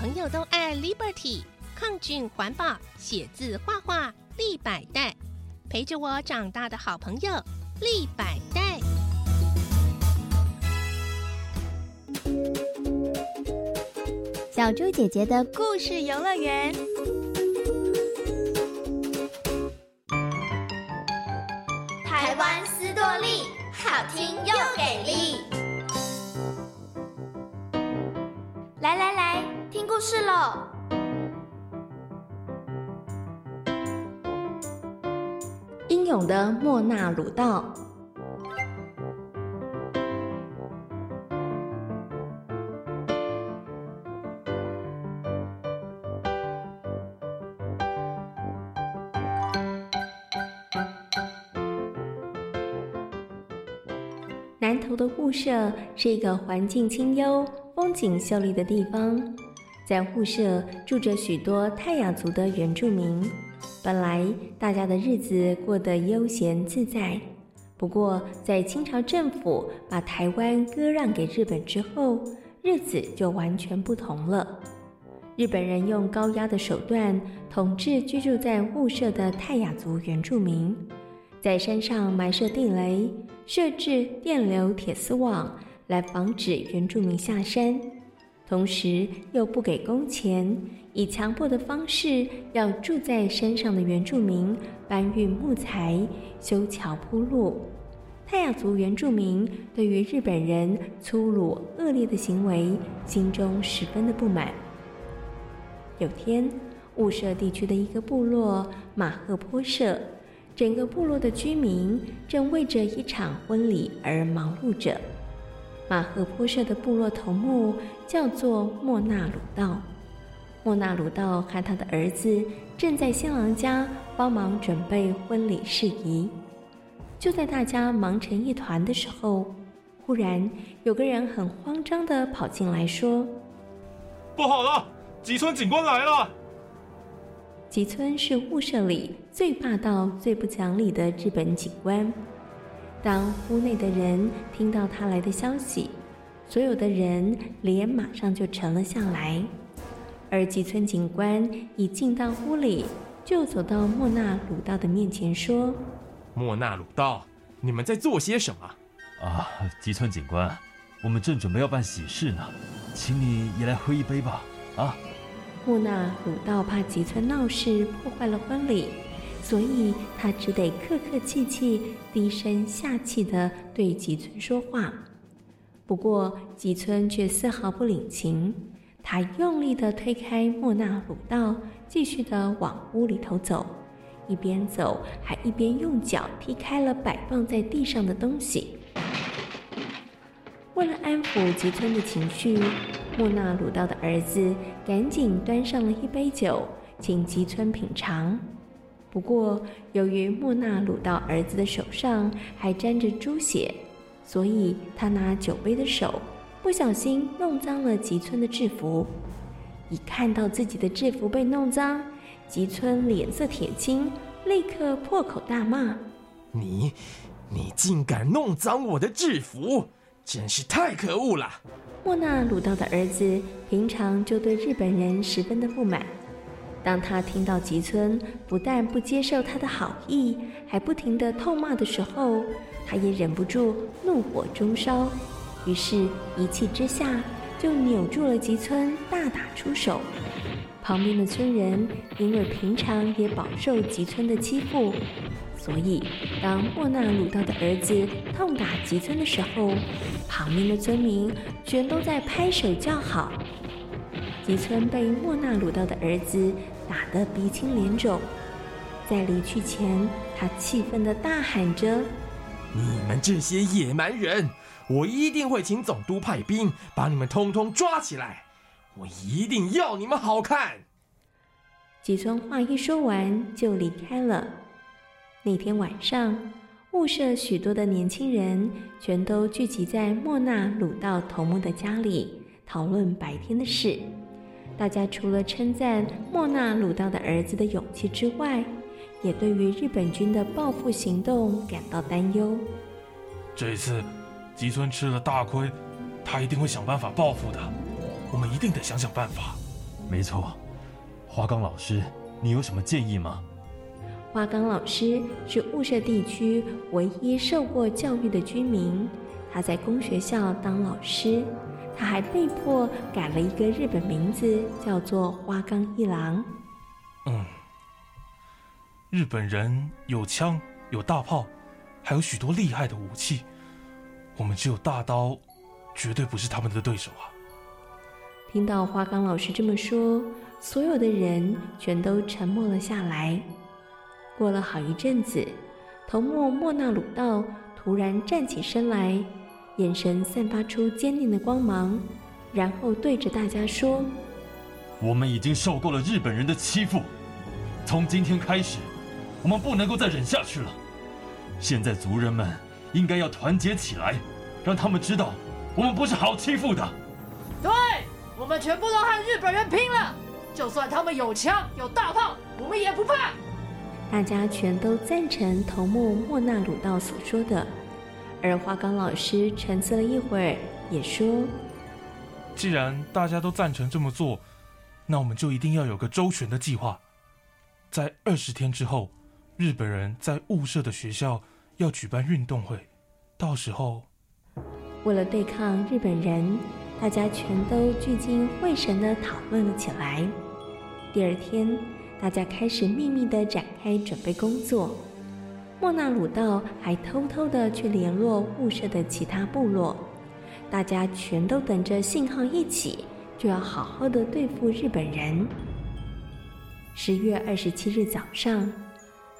朋友都愛 Liberty，抗菌環保，寫字畫畫立百代，陪着我長大的好朋友立百代。小豬姐姐的故事遊樂園，台灣思多力，好聽又給力。是了，英勇的莫那魯道。南投的霧社是一個環境清幽、風景秀麗的地方。在霧社住着許多泰雅族的原住民，本來大家的日子過得悠閒自在。不過，在清朝政府把台灣割讓給日本之後，日子就完全不同了。日本人用高壓的手段統治居住在霧社的泰雅族原住民，在山上埋設地雷，設置電流鐵絲網，來防止原住民下山。同時又不給工錢，以強迫的方式要住在山上的原住民搬運木材、修橋鋪路。泰雅族原住民對於日本人粗魯惡劣的行為，心中十分的不滿。有天，霧社地區的一個部落馬赫坡社，整個部落的居民正為着一場婚禮而忙碌着。馬赫坡社的部落頭目叫做莫那魯道，莫那魯道和他的兒子正在新郎家幫忙準備婚禮事宜。就在大家忙成一團的時候，忽然有個人很慌張地跑進來，說：“不好了，吉村警官來了。”吉村是霧社裡最霸道、最不講理的日本警官。當屋內的人聽到他來的消息，所有的人臉馬上就沉了下來。而吉村警官一進到屋裡，就走到莫那魯道的面前說：“莫那魯道，你們在做些什麼？”啊，吉村警官，我們正準備要辦喜事呢，請你也來喝一杯吧。啊，莫那魯道怕吉村鬧事破壞了婚禮。所以他只得客客氣氣、低聲下氣地對吉村說話。不過吉村卻絲毫不領情，他用力地推開莫那魯道，繼續地往屋裡頭走，一邊走還一邊用腳踢開了擺放在地上的東西。為了安撫吉村的情緒，莫那魯道的兒子趕緊端上了一杯酒，請吉村品嘗。不過，由於莫那魯道兒子的手上還沾着豬血，所以他拿酒杯的手不小心弄髒了吉村的制服。一看到自己的制服被弄髒，吉村臉色鐵青，立刻破口大罵：“你，你竟敢弄髒我的制服，真是太可惡了！”莫那魯道的兒子平常就對日本人十分的不滿。當他聽到吉村不但不接受他的好意，還不停地痛罵的時候，他也忍不住怒火中燒，於是一氣之下就扭住了吉村，大打出手。旁邊的村人因為平常也飽受吉村的欺負，所以當莫那魯道的兒子痛打吉村的時候，旁邊的村民全都在拍手叫好。吉村被莫那魯道的兒子打得鼻青臉腫，在離去前，他氣憤地大喊着：“你們這些野蠻人，我一定會請總督派兵把你們通通抓起來，我一定要你們好看！”吉村話一說完就離開了。那天晚上，霧社許多的年輕人全都聚集在莫那魯道頭目的家裡，討論白天的事。大家除了稱讚莫那魯道的兒子的勇氣之外，也對於日本軍的報復行動感到擔憂。這次吉村吃了大虧，他一定會想辦法報復的。我們一定得想想辦法。沒錯，花岡老師，你有什麼建議嗎？花岡老師是霧社地區唯一受過教育的居民，他在公學校當老師。他還被迫改了一個日本名字，叫做花岡一郎。嗯，日本人有槍，有大炮，還有許多厲害的武器，我們只有大刀，絕對不是他們的對手啊！聽到花岡老師這麼說，所有的人全都沉默了下來。過了好一陣子，頭目莫那魯道突然站起身來。眼神散發出堅定的光芒，然後對着大家說：“我們已經受夠了日本人的欺負，從今天開始，我們不能夠再忍下去了。現在族人們應該要團結起來，讓他們知道我們不是好欺負的。對，我們全部都和日本人拼了，就算他們有槍有大炮，我們也不怕。”大家全都贊成頭目莫那魯道所說的。而花岡老師沉思了一會兒，也說：“既然大家都贊成這麼做，那我們就一定要有個周全的計劃。在二十天之後，日本人在霧社的學校要舉辦運動會，到時候……為了對抗日本人，大家全都聚精會神地討論了起來。第二天，大家開始秘密地展開準備工作。”莫那魯道還偷偷地去聯絡霧社的其他部落，大家全都等着信號一起，就要好好的對付日本人。十月二十七日早上，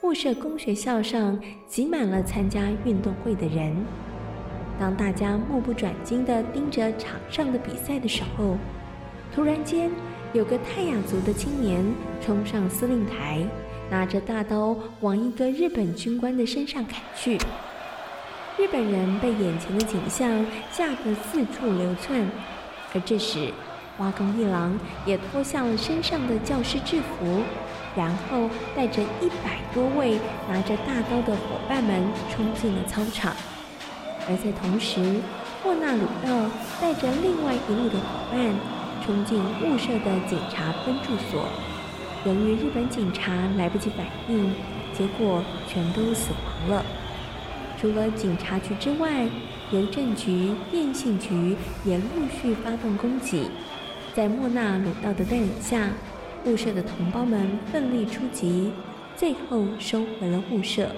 霧社公學校上擠滿了參加運動會的人。當大家目不轉睛地盯着場上的比賽的時候，突然間，有個泰雅族的青年衝上司令台。拿着大刀往一個日本軍官的身上砍去，日本人被眼前的景象嚇得四處流竄。而這時，花岡一郎也脫下了身上的教師制服，然後帶着一百多位拿着大刀的夥伴們衝進了操場。而在同時，莫那魯道帶着另外一路的夥伴衝進霧社的警察分駐所。由於日本警察來不及反應，結果全都死亡了。除了警察局之外，郵政局、電信局也陸續發動攻擊。在莫那魯道的帶領下，霧社的同胞們奮力出擊，最後收回了霧社。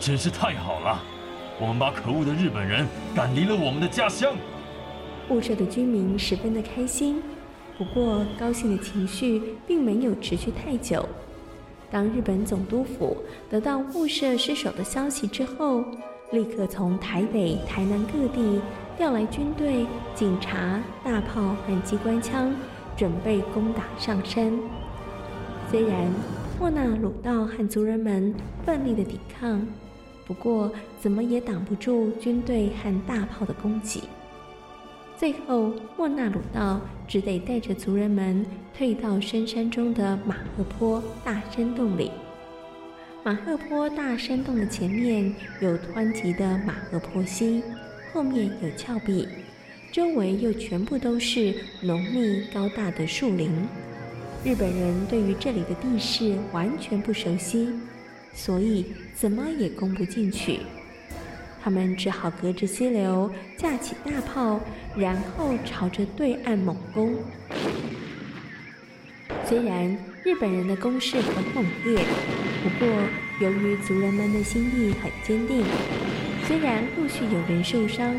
真是太好了！我們把可惡的日本人趕離了我們的家鄉。霧社的居民十分的開心。不過，高興的情緒並沒有持續太久。當日本總督府得到霧社失守的消息之後，立刻從台北、台南各地調來軍隊、警察、大炮和機關槍，準備攻打上山。雖然莫那魯道和族人們奮力的抵抗，不過怎麼也擋不住軍隊和大炮的攻擊。最後，莫那魯道只得帶着族人們退到深山中的馬赫坡大山洞裡。馬赫坡大山洞的前面有湍急的馬赫坡溪，後面有峭壁，周圍又全部都是濃密高大的樹林。日本人對於這裡的地勢完全不熟悉，所以怎麼也攻不進去。他們只好隔着溪流架起大炮，然後朝着對岸猛攻。雖然日本人的攻勢很猛烈，不過由於族人們的心意很堅定，雖然陸續有人受傷，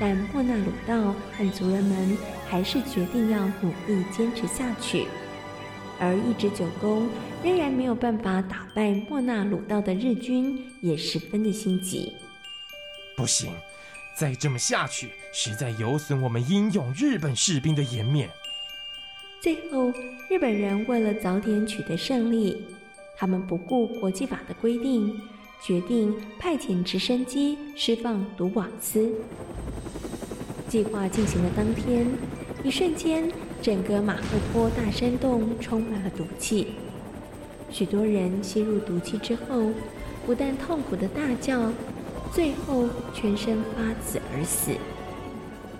但莫那魯道和族人們還是決定要努力堅持下去。而一直久攻仍然沒有辦法打敗莫那魯道的日軍，也十分的心急。不行，再這麼下去，實在有損我們英勇日本士兵的顏面。最後，日本人為了早點取得勝利，他們不顧國際法的規定，決定派遣直升機釋放毒瓦斯。計劃進行的當天，一瞬間，整個馬赫坡大山洞充滿了毒氣。許多人吸入毒氣之後，不但痛苦地大叫。最後全身發紫而死。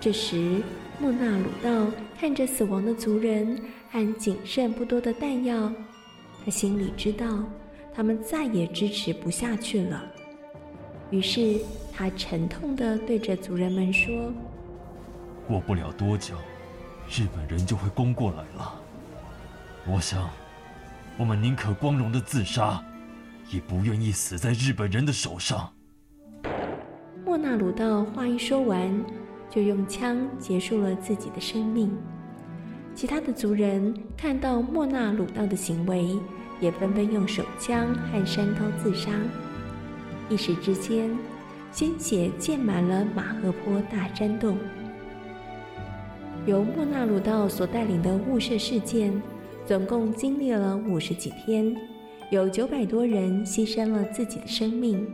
這時，莫那魯道看着死亡的族人和僅剩不多的彈藥，他心裡知道他們再也支持不下去了。於是，他沉痛地對着族人們說：“過不了多久，日本人就會攻過來了。我想，我們寧可光榮的自殺，也不願意死在日本人的手上。”莫那魯道話一說完，就用槍結束了自己的生命。其他的族人看到莫那魯道的行為，也紛紛用手槍和山刀自殺。一時之間，鮮血濺滿了馬赫坡大山洞。由莫那魯道所帶領的霧社事件，總共經歷了五十幾天，有九百多人犧牲了自己的生命。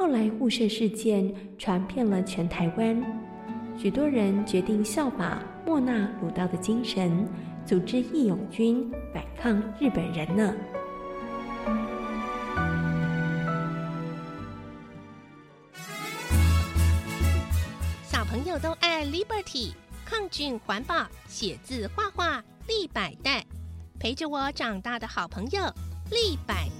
後來，霧社事件傳遍了全台灣，許多人決定效法莫那魯道的精神，組織義勇軍反抗日本人呢。小朋友都愛 Liberty，抗菌環保，寫字畫畫立百代，陪着我長大的好朋友立百代。